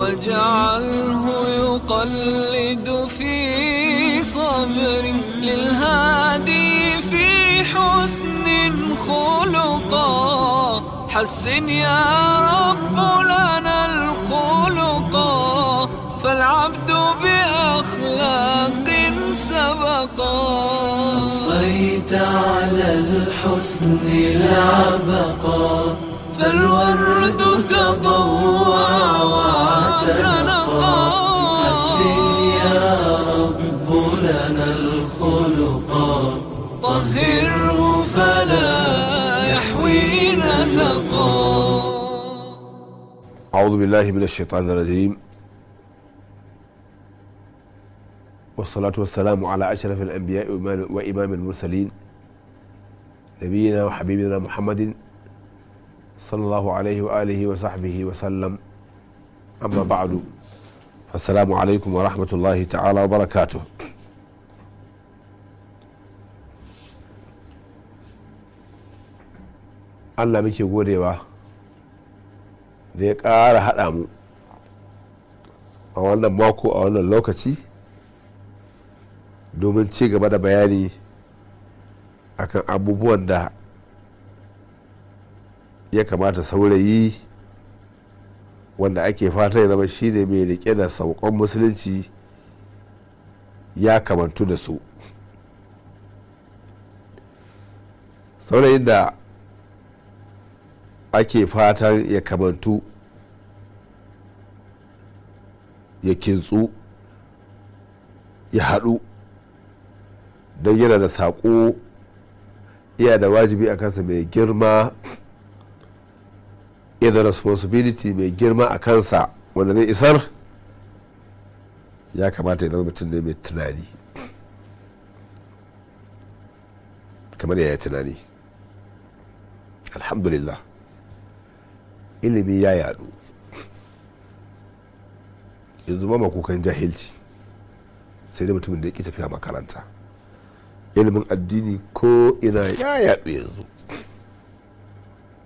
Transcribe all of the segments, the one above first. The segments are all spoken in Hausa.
واجعله يقلد في صبر للهادي في حسن خلقا حسن يا رب لنا الخلقا فالعبد بأخلاق سبقا أطفيت على الحسن العبقا فالورد تطور أعوذ بالله من الشيطان الرجيم والصلاة والسلام على أشرف الأنبياء وإمام المرسلين نبينا وحبيبنا محمد صلى الله عليه وآله وصحبه وسلم أما بعد فالسلام عليكم ورحمة الله تعالى وبركاته Allah muke godewa da ya ƙara haɗa mu a wannan mako a wannan lokaci domin ci gaba da bayani akan abubuwan da ya kamata saurayi wanda ake fata ya zama shi ne mai rike da saukon musulunci ya kamantu da su saurayin da ake fatan ya kamantu ya kintsu ya haɗu don yana da saƙo iya da wajibi a kansa mai girma iya da responsibility mai girma a kansa wanda zai isar ya kamata ya zama mutum ne mai tunani kamar yi tunani alhamdulillah ilimi ya yadu yanzu ba makokan jahilci sai da mutumin da ya ki tafiya makaranta ilimin addini ko ina ya yaɓe yanzu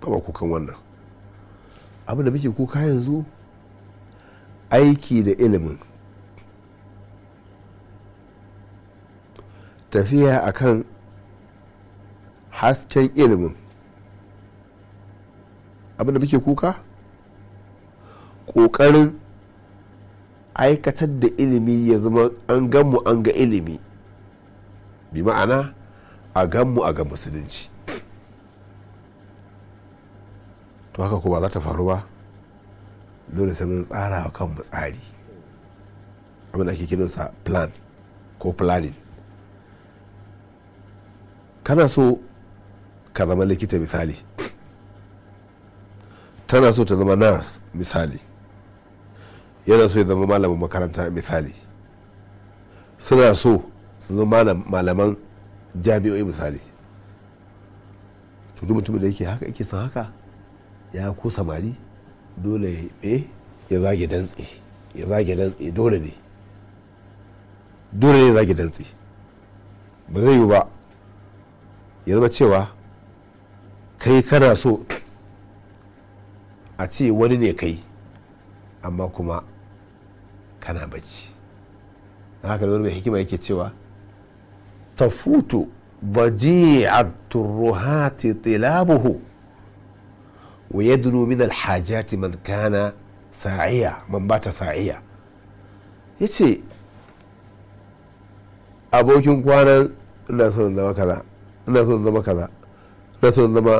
ba makokan kukan wannan abin da muke kuka yanzu aiki da ilimin tafiya akan hasken ilimin abin da muke kuka ƙoƙarin aikatar da ilimi ya zama an gan mu an ga ilimi bi ma'ana a gan mu a ga musulunci to haka ko ba za ta faru ba dole sai mun tsara wa kanmu tsari abin da ake kinansa plan ko planning kana so ka zama likita misali tana so ta zama nurse misali yana so ya zama malamin makaranta misali suna so su zama malaman jami'o'i misali to mutumin da yake haka yake son haka ya ko samari dole ya eh, ya zage dantse ya zage dantse dole ne dole ne ya zage dantse ba zai yi ba ya zama cewa kai kana so a ce wani ne kai amma kuma kana bacci haka wani mai hikima yake cewa tafutu ضجيعة الرهات طلابه ويدنو من الحاجات من كان ساعية man بات sa'iya yace abokin kwanan ina son zama kaza ina son zama kaza ina son zama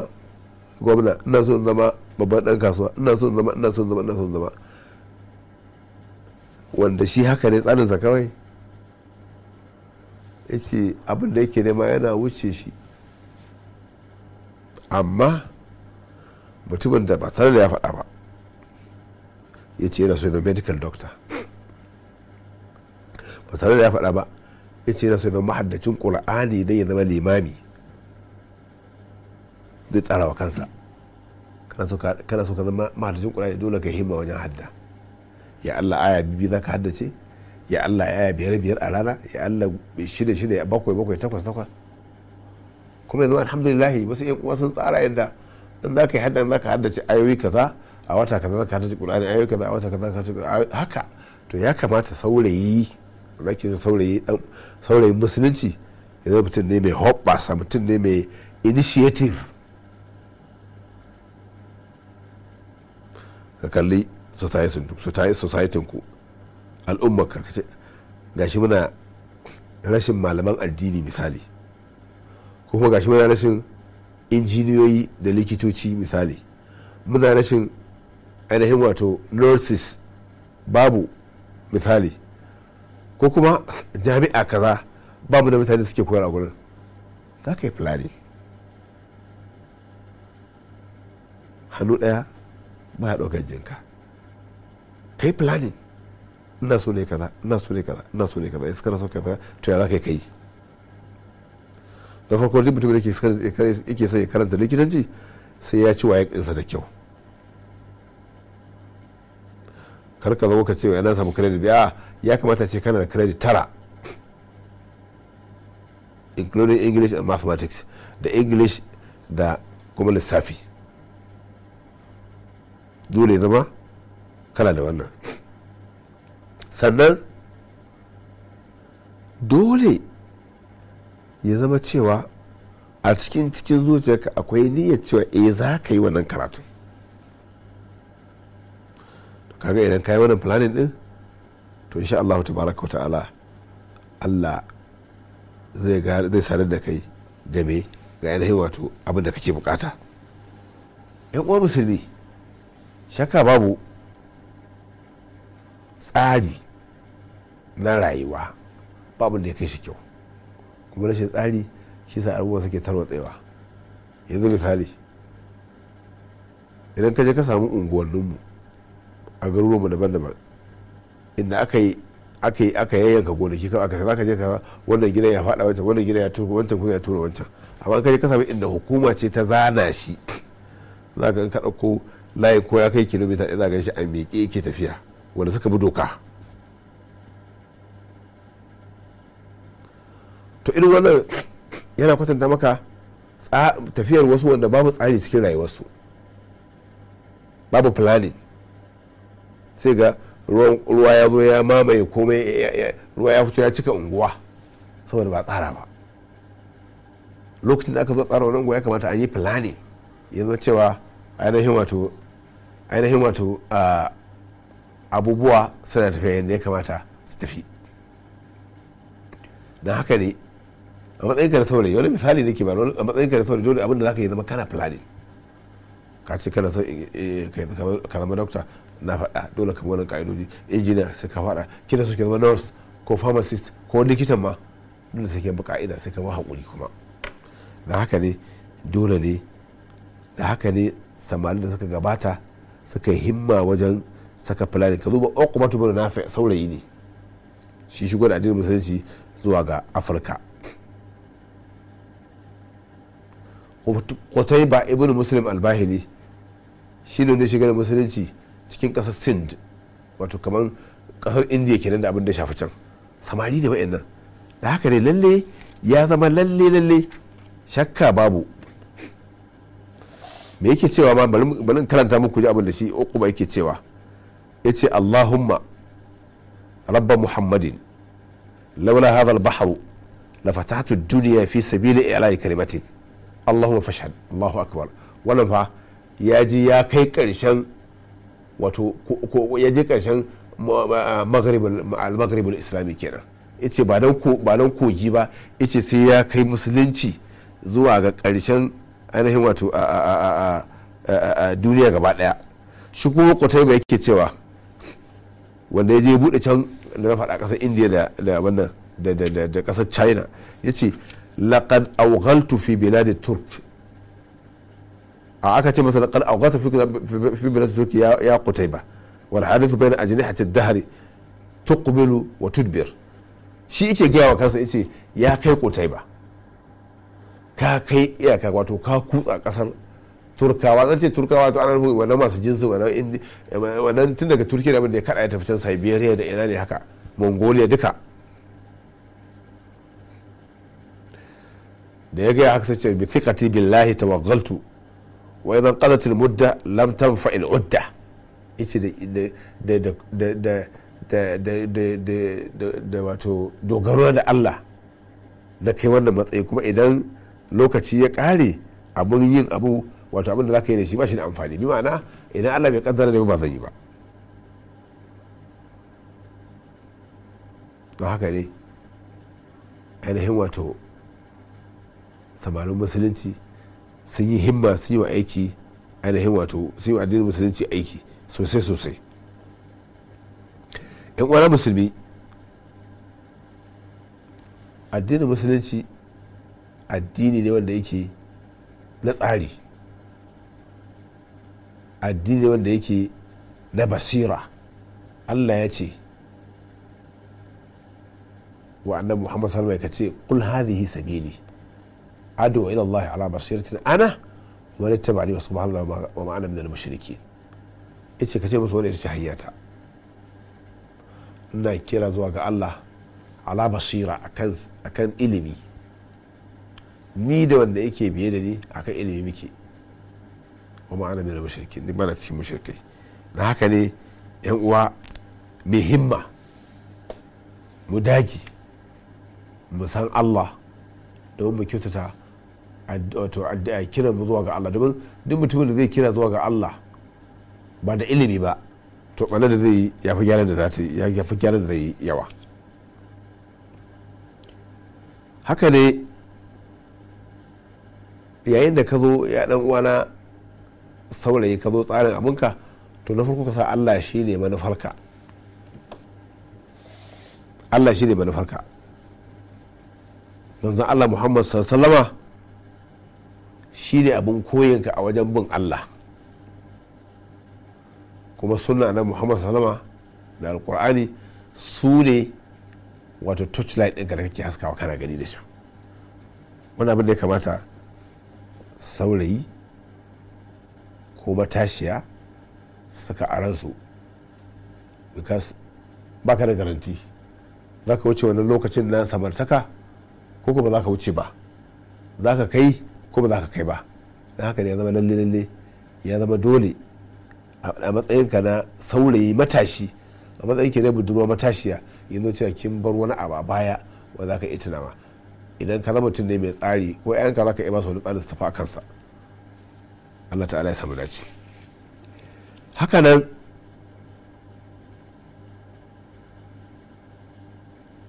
gwamna ina son zama babban dan kasuwa ina son zama ina son zama ina son zama wanda shi haka ne tsarinsa kawai ya ce abin da yake nema yana wuce shi amma mutumin da ba tare da ya faɗa ba ya ce yana so yana medical doctor ba tare da ya faɗa ba ya ce yana so yana mahaddacin ƙura'ani don ya zama limami zai tsara wa kansa kana so ka zama mahaddacin ƙura'ani dole ka himma wajen hadda ya Allah aya bibi zaka haddace ya Allah aya biyar biyar a rana ya Allah shida shida bakwai bakwai takwas takwas kuma yanzu alhamdulillah wasu yan uwa sun tsara yadda dan zaka ka yi haddan za haddace ayoyi kaza a wata kaza zaka ka haddace qur'ani ayoyi kaza a wata kaza ka haddace haka to ya kamata saurayi rakin saurayi saurayi musulunci yanzu mutum ne mai sa mutum ne mai initiative ka kalli society ku al'umma ka kace gashi muna rashin malaman addini misali kuma gashi muna rashin injiniyoyi da likitoci misali muna rashin ainihin wato nurses babu misali ko kuma jami'a kaza babu da mutane suke koyar a gurin za ka yi planning hannu ɗaya ba ya ɗaukar jinka kai planning ina so ne kaza ina so ne kaza ina so ne kaza iska na so kaza to ya za ka kai da farko duk ke da yake sai ya karanta likitanci sai ya ci waye ɗinsa da kyau karka zo ka ce wa yana samu credit biya ya kamata ce kana da credit tara including english and mathematics da english da kuma lissafi dole zama kana da wannan sannan dole ya zama cewa a cikin cikin zuciyarka akwai niyyar cewa e za ka yi wannan karatu kaga idan ka yi wannan planning din to insha Allah tabaraka wa ta'ala Allah zai zai sanar da kai game ga ainihin wato abin da kake bukata yan uwa musulmi shakka babu tsari na rayuwa babu da ya kai shi kyau kuma rashin tsari shi sa abubuwa suke tarwatsewa yanzu misali idan ka je ka samu unguwanninmu a garuruwanmu daban-daban inda aka yi aka yi aka yayyanka gonaki kawai aka zaka je ka wannan gidan ya faɗa wancan wannan gidan ya tura wancan kuma ya tura wancan amma ka je ka samu inda hukuma ce ta zana shi za ka ka ɗauko layi ko ya kai kilomita ina ganin shi a miƙe yake tafiya wanda suka bi doka to irin wannan yana kwatanta maka tafiyar wasu wanda babu tsari cikin rayuwarsu babu planning sai ga ruwa ya zo ya mamaye komai ruwa ya fito ya cika unguwa saboda ba tsara ba lokacin da aka zo tsara wani unguwa ya kamata an yi planning yanzu cewa ainihin wato ainihin wato ah, abubuwa suna tafiya yadda ya kamata su tafi don haka ne a matsayin ka da saurayi wani misali ke ba a matsayin ka da saurayi dole abinda zaka yi zama kana planning ka ce kana so eh, ka zama dokta na faɗa dole ka wani ka'idoji injiniya sai ka faɗa kina so ki zama nurse ko pharmacist ko likitan ma dole sai ka bi ka'ida sai ka ba haƙuri kuma na haka ne dole ne da haka ne samari da suka gabata suka himma wajen saka fulani ka zuba uqbatu bin nafi saurayi ne shi shigo da addinin musulunci zuwa ga afirka ba ibn muslim albahili shi ne wanda shiga da musulunci cikin kasar sind wato kamar kasar indiya kenan da abin da shafi can samari da nan. da haka ne lalle ya zama lalle lalle shakka babu me yake cewa ma bari karanta muku abin da shi uku ba yake cewa ya ce allahumma rabba muhammadin laula hada albaharu la fatahtu duniya fi sabili ila'i kalimati allahumma fashhad allahu akbar wannan fa ya ji ya kai karshen wato ko ya ji karshen islami kenan yace ba dan ba dan kogi ba yace sai ya kai musulunci zuwa ga karshen ainihin wato a duniya gaba daya shi kuma kwatai yake cewa wanda ya je bude can da na faɗa ƙasar indiya da wannan da ƙasar china ya ce laƙad auhaltu fi biladi turk a aka ce masa laƙad auhaltu fi biladi turk ya kutai ba wal hadithu bayna ajnihati dahri tuqbilu wa tudbir shi yake gaya wa kansa yace ya kai kutai ba ka kai iyaka wato ka kutsa kasar turkawa zan ce turkawa to ana nufin wannan masu jinsin wannan tun daga turkiya da ya kada ya tafi can siberia da ina ne haka mongolia duka da ya gaya haka sace bi thiqati billahi tawaggaltu wa idan qadat al mudda lam tanfa al udda yace da da da da da da da wato dogaro da Allah na kai wannan matsayi kuma idan lokaci ya kare abun yin abu wato abin za ka yi da shi ba shi da amfani bi ma'ana idan allah bai kaddara da ba zai yi ba don haka ne ainihin wato samarin musulunci sun yi himma sun yi wa aiki ainihin wato sun yi wa addinin musulunci aiki sosai sosai in wani musulmi addinin musulunci addini ne wanda yake na tsari addini wanda yake na basira allah ya ce wa annabi muhammad sallallahu alaihi wasallam ya ce qul hadhihi sabili adu ila allah ala basiratin ana wa nittaba'ani wa subhanallahi wa ma ana min al-mushrikeen yace kace musu wannan yace hayyata ina kira zuwa ga allah ala basira akan ilimi ni da wanda yake biye da ni akan ilimi muke wa ma'ana min mushriki ni bana cikin mushrikai na haka ne yan uwa mai himma mu daji mu san Allah domin mu kyautata wato kira mu zuwa ga Allah domin duk mutumin da zai kira zuwa ga Allah ba da ilimi ba to ɓanar da zai ya fi gyaran da za ta ya fi gyaran da zai yawa haka ne yayin da ka zo ya dan uwana saurayi ka zo tsarin abinka to na farko ka sa allah shi ne manufarka allah shi ne manufarka manzan allah muhammad sallama shi ne abin koyinka a wajen bin allah kuma suna na muhammad sallama da alkur'ani su ne wato torchlight ɗin da kake haskawa kana gani da su wani abin da ya kamata saurayi ko matashiya suka a ransu because baka da garanti za ka wuce wani lokacin na samartaka ko kuma za ka wuce ba za ka kai ko ba za ka kai ba na haka ne ya zama lalle lalle ya zama dole a matsayinka na saurayi matashi a matsayinka na budurwa matashiya yanzu cewa kin bar wani abu a baya wanda za ka iya tunawa idan ka zama mutum ne mai tsari ko 'yanka za ka iya ba su wani tsarin su tafi a kansa allah ta'ala ya samu dace hakanan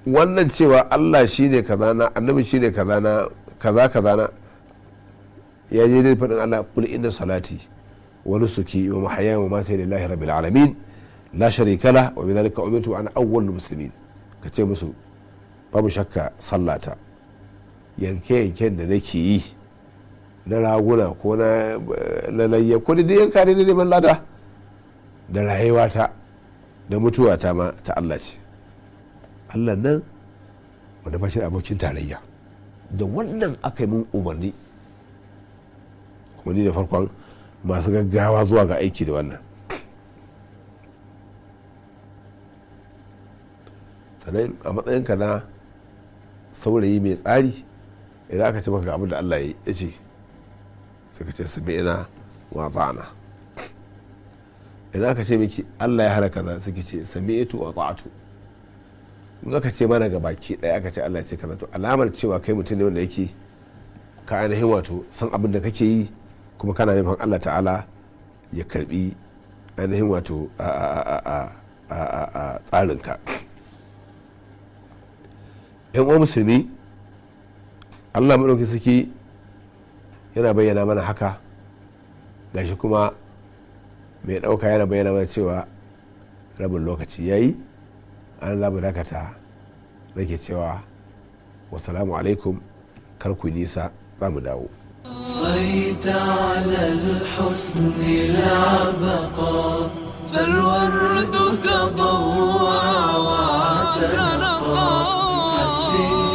wannan cewa allah shi ne kazana annabi shi ne kazana kaza kazana ya je dai faɗin allah kul inna salati wa nusuki wa mahaya wa mata lillahi rabbil alamin la sharika la wa bidhalika umirtu ana awwalul muslimin kace musu babu shakka sallata yanke yanke da nake yi na raguna ko na lalayya ko da yanka ne ban lada da rayuwata da mutuwata ma ta Allah ce Allah nan wanda bashi abokin tarayya da wannan aka yi mun umarni kuma ni da farkon masu gaggawa zuwa ga aiki da wannan sannan a matsayinka na saurayi mai tsari idan aka ci maka abin da Allah ya ce suka ce sami'ina wa ta'ana idan aka ce miki Allah ya hana kaza suke ce sami'tu wa ta'atu in aka ce mana ga baki ɗaya aka ce Allah ya ce kaza to alamar cewa kai mutum ne wanda yake ka ainihin wato san abin da kake yi kuma kana neman Allah ta'ala ya karbi ainihin wato a tsarinka yan uwa musulmi Allah maɗauki suke yana bayyana mana haka gashi kuma mai ɗauka yana bayyana mana cewa rabin lokaci ya yi an labin dakata nake cewa wasalamu alaikum kar ku nisa za mu dawo صيت فالورد تضوع وتنقى حسن